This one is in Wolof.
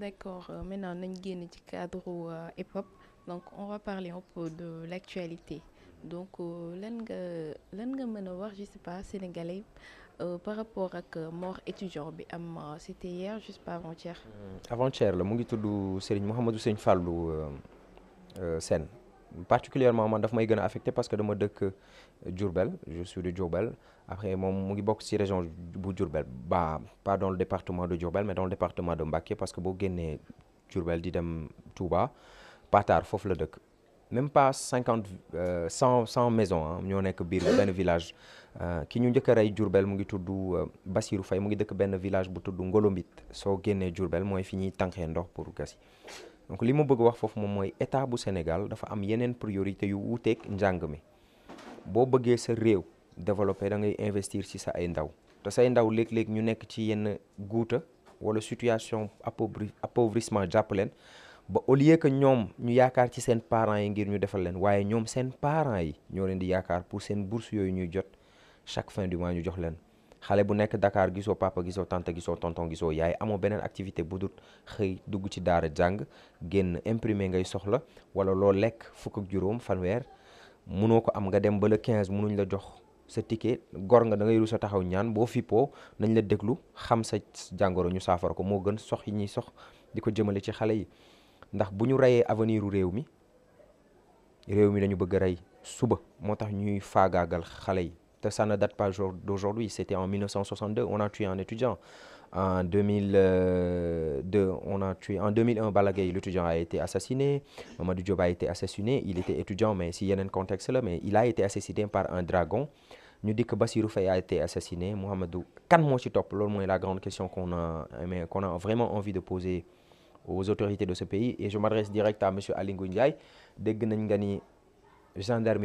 D'accord, euh, maintenant on allons cadre euh, hip donc on va parler un peu de l'actualité. Donc, euh, l'angle je ne sais pas, sénégalais, euh, par rapport à la mort étudiant, c'était hier, juste pas avant-hier. Avant-hier, le monde Mohamedou Seigne Fallou Sen particulièrement man daf may gëna affecté parce que dama dëkk euh, Djourbel je suis de Djourbel après mom mu ngi bok ci région bu Djourbel ba pas dans le département de Djourbel mais dans le département de Mbacké parce que bo génnee Djourbel di dem Touba Patar foofu la dëkk même pas 50 100 100 maisons ah ñoo nekk biir benn village euh, ki ñu njëkk a Djourbel Diourbel mu ngi tudd euh, Bassirou Fay mu ngi dëkk ben village bu tuddu Ngolombit so génnee Djourbel moy fiñi tanké ndox pour gasi donc li ma bëgg wax fofu mom moy état bu Sénégal dafa am yenen priorité yu wuuteeg njàng mi boo bëggee sa réew développé da ngay investir ci sa ay ndaw te say ndaw léeg-léeg ñu nekk ci yenn guuta wala situation appauvri appauvrissement jàpp leen ba au lieu que ñom ñu yaakaar ci sen parents yi ngir ñu defal len waaye ñom sen parents yi ñoo leen di yaakaar pour sen bourse yooyu ñuy jot chaque fin du mois ñu jox len xalé bu nek Dakar giso papa giso tante giso tonton giso yaay Amo benen activité bu dul xëy dugg ci daara jang genn imprimer ngay soxla wala lo lek fuk ak juroom fanwer munoko ko am nga dem ba le 15 munuñ la jox sa ticket gor nga da ngay rusa taxaw ñaan bo fippoo nañ la déglu xam sa jangoro ñu safar ko mo gën sox yi ñi sox diko jëmele ci xalé yi ndax buñu rayé avenir u mi mi dañu bëgg ray suba motax ñuy fagaagal xalé yi. ça ne date pas d'aujourd'hui, c'était en 1962, on a tué un étudiant. En 2002, euh, on a tué. En 2001, Balagay, l'étudiant a été assassiné. Mamadou Diop a été assassiné. Il était étudiant, mais s'il y a un contexte là, mais il a été assassiné par un dragon. Nous dit que a été assassiné Mohamedou kan ci top. C'est la grande question qu'on a qu'on a vraiment envie de poser aux autorités de ce pays et je m'adresse direct à monsieur Alingou de Ndiaye gendarme